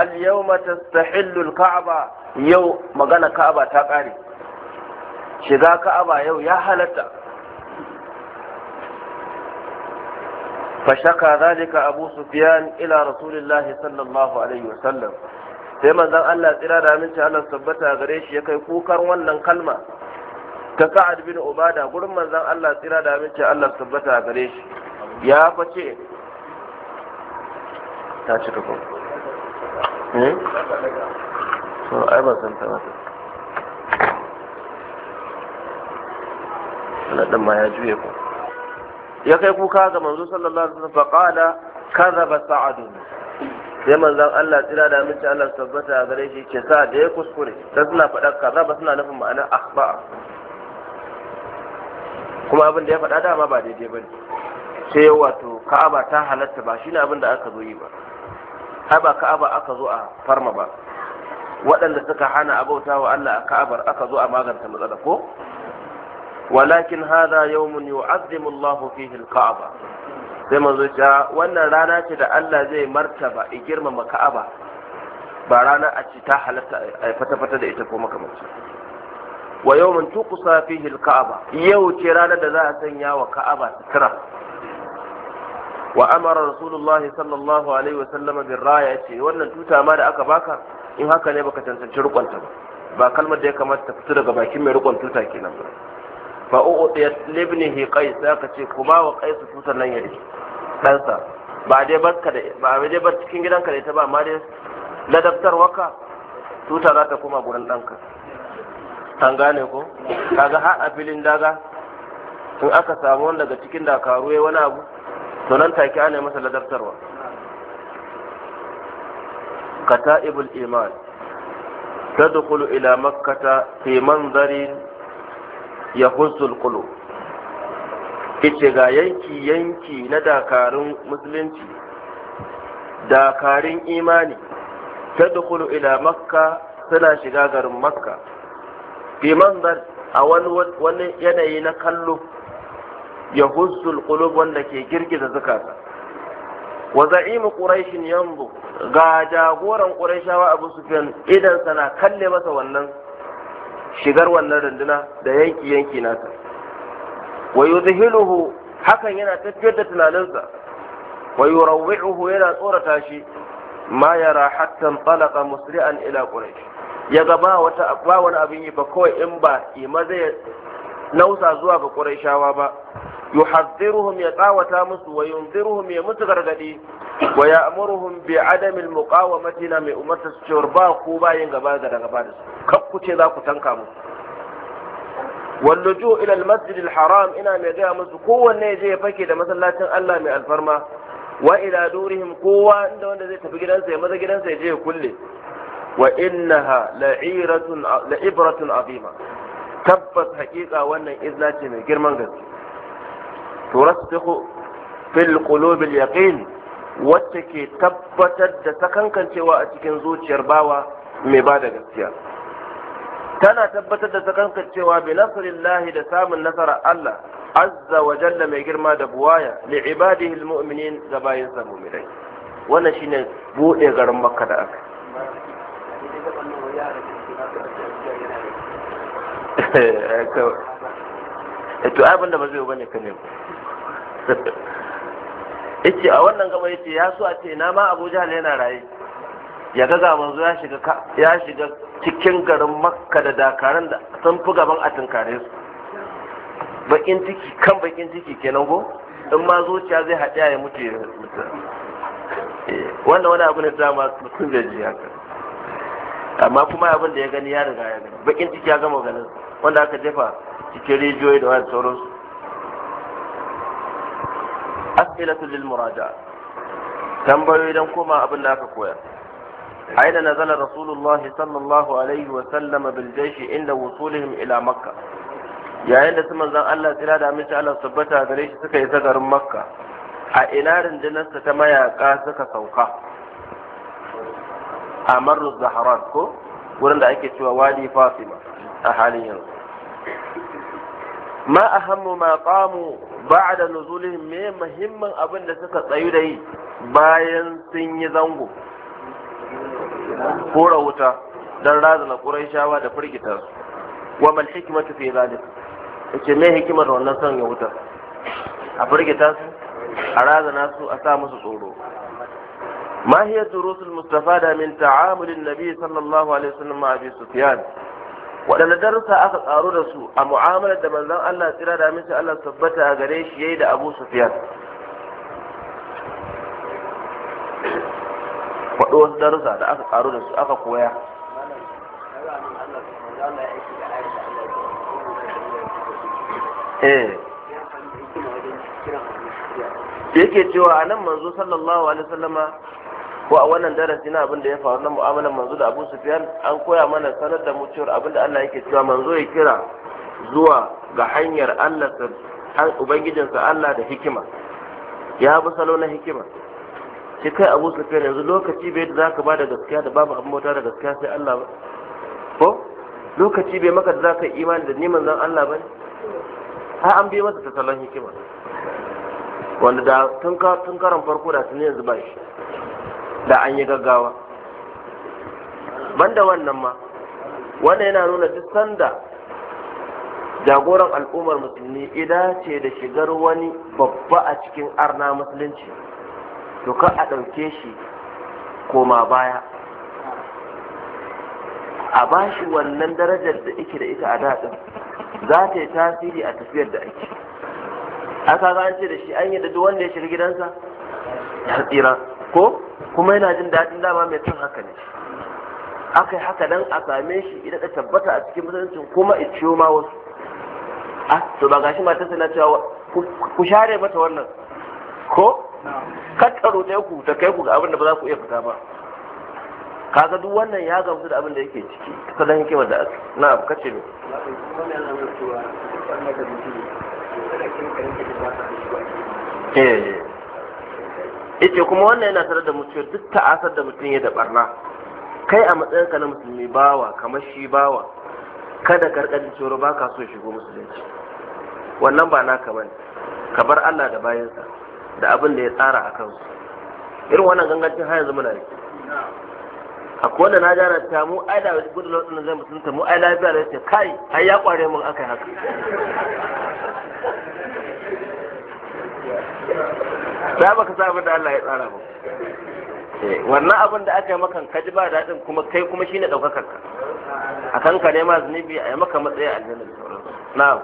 al yawma tastahillu al ka'aba yau magana ka'aba ta kare shiga ka'aba yau ya halatta fashaka zalika abu sufyan ila rasulillahi sallallahu alaihi wasallam sai manzon Allah tsira da aminci Allah tabbata gare shi ya kai kukar wannan kalma ta sa'ad bin ubada gurin manzon Allah tsira da aminci Allah tabbata gare shi ya fice ta ci ko eh so ai ba san ta ba ɗan ma ya juye ku ya kai kuka ga manzo sallallahu alaihi wasallam faqala kadhaba sa'adun sai manzon Allah tsira da mace Allah tabbata gare shi ke sa da ya kuskure sai suna faɗa kadhaba suna nufin ma'anar akhba kuma abin da ya faɗa dama ba daidai bane sai wato ka'aba ta halatta ba shine abin da aka zo yi ba har ba ka'aba aka zo a farma ba waɗanda suka hana abautawa Allah a ka'abar aka zo a maganta matsala ko walakin hadha yawmun yu'azzimu Allahu fihi al sai manzo ya ah, wannan rana ce da Allah zai martaba i girmama Ka'aba ba rana a ta halatta a fata-fata da ita ko makamanci wa yawmun tuqsa fihi al-Ka'aba yau ce ranar da za a sanya wa Ka'aba sutura wa amara rasulullahi sallallahu alaihi wa sallam ce wannan tuta ma da aka baka in haka ne baka cancanci ba ba kalmar da ya kamata ta fito daga bakin mai rukon tuta kenan ba fa uqtiya libnihi qais ka ce ku ba wa qais tutar nan yari ɗansa ba dai barka da ba dai bar cikin gidanka da ita ba amma dai ladabtar waka tuta za ta koma gurin ɗanka an gane ko kaga ha a filin daga in aka samu wani daga cikin dakaru ya wani abu to nan take ana masa ladabtarwa kata'ibul iman tadkhulu ila makkata fi manzarin ya hussul kulu ga yanki yanki na dakarun musulunci dakarun imani ta dukulu ila makka suna shiga garin makka fi manzar a wani yanayi na kallo ya hussul kulu wanda ke girgiza zukata wa za'imu quraishin yanzu ga jagoran quraishawa abu sufyan idan sana kalle masa wannan shigar wannan runduna da yanki yanki nasa wa yuzhiluhu hakan yana tafiyar da tunaninsa wa yurawwi'uhu yana tsorata shi ma yara hatta talaqa musri'an ila quraish ya ga wata wani abin yi ba kawai in ba ima zai nausa zuwa ga qurayshawa ba yuhadhdhiruhum ya tsawata musu wa yunziruhum ya mutu gargadi wa ya'muruhum bi adamil muqawamati na mai umarta su cewar ba ku yin gaba da gaba da su ce za ku tanka musu walluju ila almasjid haram ina mai gaya musu kowanne je ya fake da masallacin Allah mai alfarma wa ila durihim kowa inda wanda zai tafi gidansa ya maza gidansa ya je ya kulle wa innaha la'iratun azima tabbas haƙiƙa wannan izna ce mai girman gaske turasfihu fil qulubil yaqin wacce ke tabbatar da sakankancewa a cikin zuciyar bawa mai bada da gaskiya tana tabbatar da sakankancewa bi nasrillahi da samun nasara Allah azza wa jalla mai girma da buwaya li ibadihi almu'minin ga bayin sa mu'minai wannan shine bude garin makka da aka Eh, to abin da ba zai bane ka ne yace a wannan gaba yace ya so a ce na ma Abu Jahal yana raye ya ga ga manzo ya shiga ya shiga cikin garin Makka da dakaran da sun fi gaban atinkare su bakin ciki kan bakin ciki kenan go in ma zuciya zai haɗe ya mutu ya mutu eh, wannan wani abu ne dama mutum zai ji haka amma kuma abin da ya gani ya riga ya gani bakin ciki ya gama ganin wanda aka jefa cikin rijiyoyi da wani sauransu as'ilatu lil muraja tambayoyi don koma abin da aka koya aina nazala rasulullahi sallallahu alaihi wa sallama bil jaishi inda wusulihim ila makka yayin da su manzon Allah tsira da aminci Allah tabbata gare shi suka isa garin makka a ina rundunarsa ta mayaka suka sauka a marru zaharan ko wurin da ake cewa wadi fatima a halin yanzu ma ahammu ma a da nuzulihim me muhimmin abin da suka tsayu da yi bayan sun yi zango kora wuta don razana shawa da firgita su wa mal hikmatu fi zalik yace me hikimar wannan sanya wuta a firgita su a razana su a sa musu tsoro ما هي دروس المستفادة من تعامل النبي صلى الله عليه وسلم مع أبي سفيان waɗanda darussa aka ƙaru da su a mu'amalar da manzon Allah tsira da aminci Allah tabbata a gare shi yayi da Abu Sufyan faɗo darussa da aka ƙaru da su aka koya eh yake cewa anan manzo sallallahu alaihi wasallama ko a wannan darasi na abin da ya faru na mu'amalar manzo da Abu Sufyan an koya mana sanar da mutuwar abin da Allah yake cewa manzo ya kira zuwa ga hanyar Allah ubangijinsa Allah da hikima ya bi salo na hikima shi kai Abu Sufyan yanzu lokaci bai da zaka ba da gaskiya da babu abin bauta da gaskiya sai Allah ba ko lokaci bai maka da zaka imani da neman zan Allah ba ha an bi masa ta salon hikima wanda da tun karan farko da tun yanzu ba shi da an yi gaggawa banda wannan ma wannan yana nuna duk sanda jagoran al'ummar musulmi ida ce da shigar wani babba a cikin arna musulunci to ka a ɗauke shi koma baya a bashi wannan darajar da ike da ita a daɗin za ta yi tasiri a tafiyar da ake aka ga an ce da shi an yi da duk wanda ya shiga gidansa ya tsira ko kuma yana jin daɗin dama mai cin haka ne aka yi haka dan a same shi ita da tabbata a cikin musulunci kuma a ciyo ma wasu a ah, to ba gashi mata tana cewa ku share mata wannan ko kattaro ta ku ta kai ku ga abin da ba za ku iya fita ba kaga duk wannan ya gamsu da abin da yake ciki ta dan yake wanda na abu kace ne eh, eh. yace kuma wannan yana tare da mutuwar duk ta'asar da mutum ya da barna kai a matsayinka na musulmi bawa kamar shi bawa kada karkarin coro ba ka so shigo musulunci wannan ba na kamar, ka bar Allah da bayansa da abin da ya tsara a kansu irin wannan gangancin har yanzu muna yi akwai wanda na jara ta mu ai da gudu lokacin zai mutunta mu ai lafiya da yace kai ai ya kware mun akai haka za ba ka sa abin da Allah ya tsara ba eh, wannan abin da aka yi maka ji ba daɗin kuma kai kuma shine ɗaukakar ka a kan ka nema zunubi a yi maka matsayi a aljanna da sauransu na'am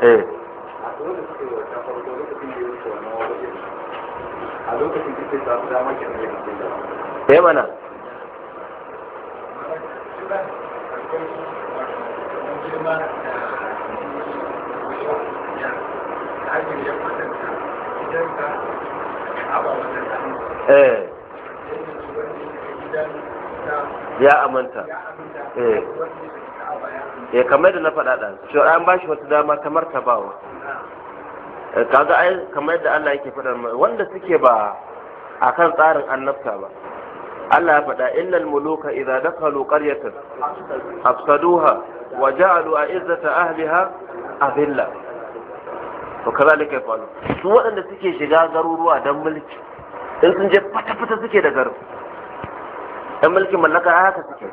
eh a lokacin da ta samu damar kenan da da ke mana Thank you. Eh. ya amanta eh eh kamar da na faɗa ɗan shi an ba shi wata dama ta martabawa eh, kaga ai kamar yadda Allah yake faɗa wanda suke ba akan tsarin annabta ba Allah ya faɗa innal muluka idza dakhalu qaryatan afsaduha wa ja'alu a'izzata ahliha adilla to kaza ne kai faru su waɗanda suke shiga garuruwa don mulki in sun je fata-fata suke da garu dan mulkin mallaka haka suke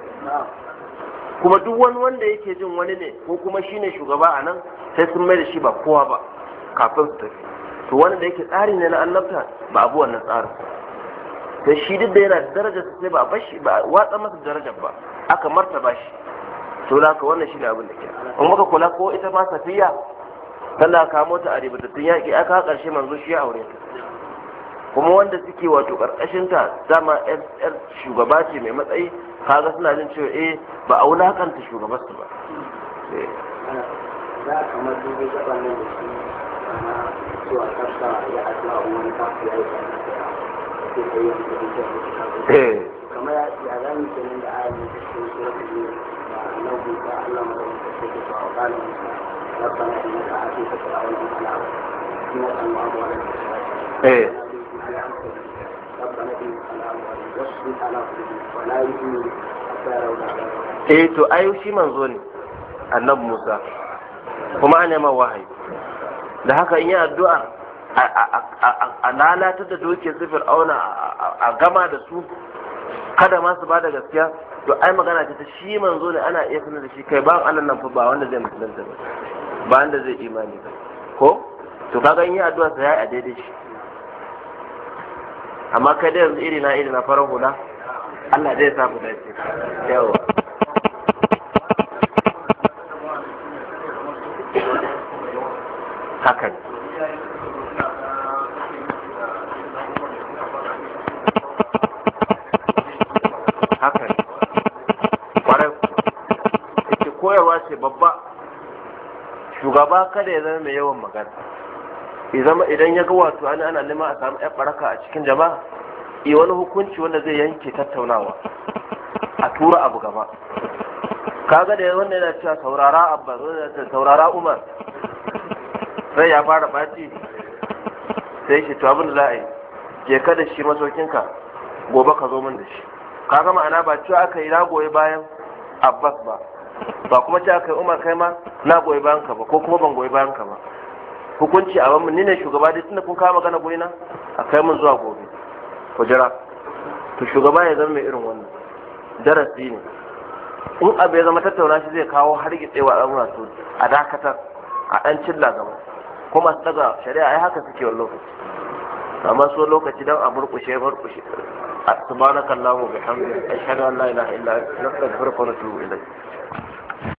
kuma duk wani wanda yake jin wani ne ko kuma shine shugaba a nan sai sun mai da shi ba kowa ba kafin su tafi to wani da yake tsari ne na annabta ba abu wannan tsarin Da shi duk da yana da darajar sai ba bashi ba watsa masa daraja ba aka martaba shi to laka wannan shi ne abin da ke in muka kula ko ita ma safiya tana kamo ta a ribatattun yaƙi aka ƙarshe manzo shi ya aure ta kuma wanda suke wato ƙarƙashin ta dama yar shugaba ce mai matsayi kaga suna jin cewa eh ba a wulakanta shugabar eh. su ba za eh. kamar ya zami da ayyukan da Eh. eh to ayu shi manzo ne annabi Musa kuma an ma wahayi da haka in yi addu'a a lalatar da doke sifir auna a gama da su kada ma su ba da gaskiya to ai magana ta shi manzo ne ana iya sanar da shi kai ba Allah nan fa ba wanda zai musulunta ba ba wanda zai imani ba ko to kaga in yi addu'a sa yayi a daidai shi amma kai da yanzu iri na farar hula Allah zai sa mu dace yawa hakan shugaba kada ya zama mai yawan magana zama idan ya ga wato ana ana nema a samu ya baraka a cikin jama'a i wani hukunci wanda zai yanke tattaunawa a tura abu gaba kaga da wanda yana cewa saurara abbas wanda saurara umar sai ya fara baci sai shi to abin da za a yi ka da shi masaukinka gobe ka zo min da shi kaga ma'ana ba cewa aka yi ragoye bayan abbas ba ba kuma ce aka umar kai ma na goyi bayan ka ba ko kuma ban goyi bayan ka ba hukunci a ni ne shugaba dai tunda kun kawo magana goyi na a kai mun zuwa gobe Kujera jira to shugaba ya zama mai irin wannan darasi ne in abu ya zama tattauna shi zai kawo har gitsewa al'amura to a dakatar a dan cilla gaba ko masu daga shari'a ai haka suke wani lokaci amma so lokaci dan a burkushe burkushe subhanakallahumma bihamdika ashhadu an la ilaha illa anta astaghfiruka wa atubu ilayk